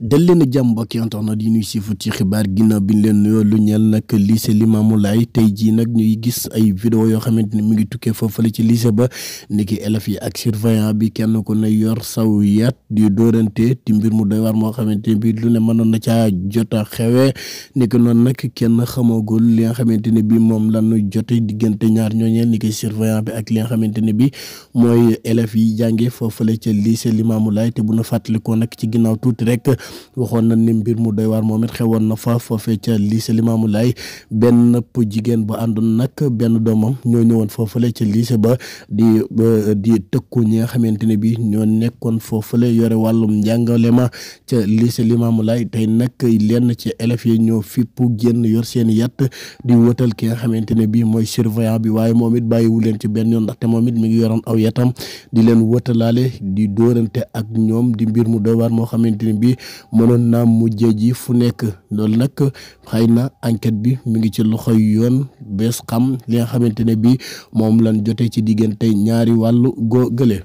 dal leen jàmm mbokk yi internet yi ñuy ci xibaar ginnaaw bi ñu leen nuyoo lu ñeel nag lycée Limamou Laye tey jii nag ñuy gis ay vidéo yoo xamante ni mu ngi tukkee foofale ci lycée ba niki élèves yi ak surveillant bi kenn ku ne yor saw yaat di dóorante ti mbir mu doy moo xamante bi lu ne mënoon na caa jot a xewee niki noonu nag kenn xamagul li nga xamante ne bi moom lañu jote diggante ñaar ñooñee niki surveillant bi ak li nga xamante ne bi mooy élèves yi jànge la ca lycée Limamou Laye te bu ñu fàttalikoo nag ci ginnaaw tuuti rek waxoon na ni mbir mu doy waar moom it xewoon na fa foofee ca lycée Limamou Laye benn jigéen bu àndoon nag benn doomam ñoo ñëwoon foofale ca lycée ba di di tëkku ñi nga xamante ne bi ñoo nekkoon foofale yore wàllum njàngale ma ca lycée Limamou Laye tey nag lenn ci élèves yi ñoo fippu génn yor seen yàtt di wëtal ki nga xamante ne bi mooy surveillant bi waaye moom it bàyyiwu leen ci benn yoon ndaxte moom it mi ngi yoroon aw yatam di leen wëtalaale di dóorante ak ñoom di mbir mu doy moo xamante ne bi mënoon naa mujje ji fu nekk loolu nag xëy na enquête bi mu ngi ci loxoy yoon bees xam li nga xamante ne bi moom lan jote ci diggante ñaari wàllu goo gële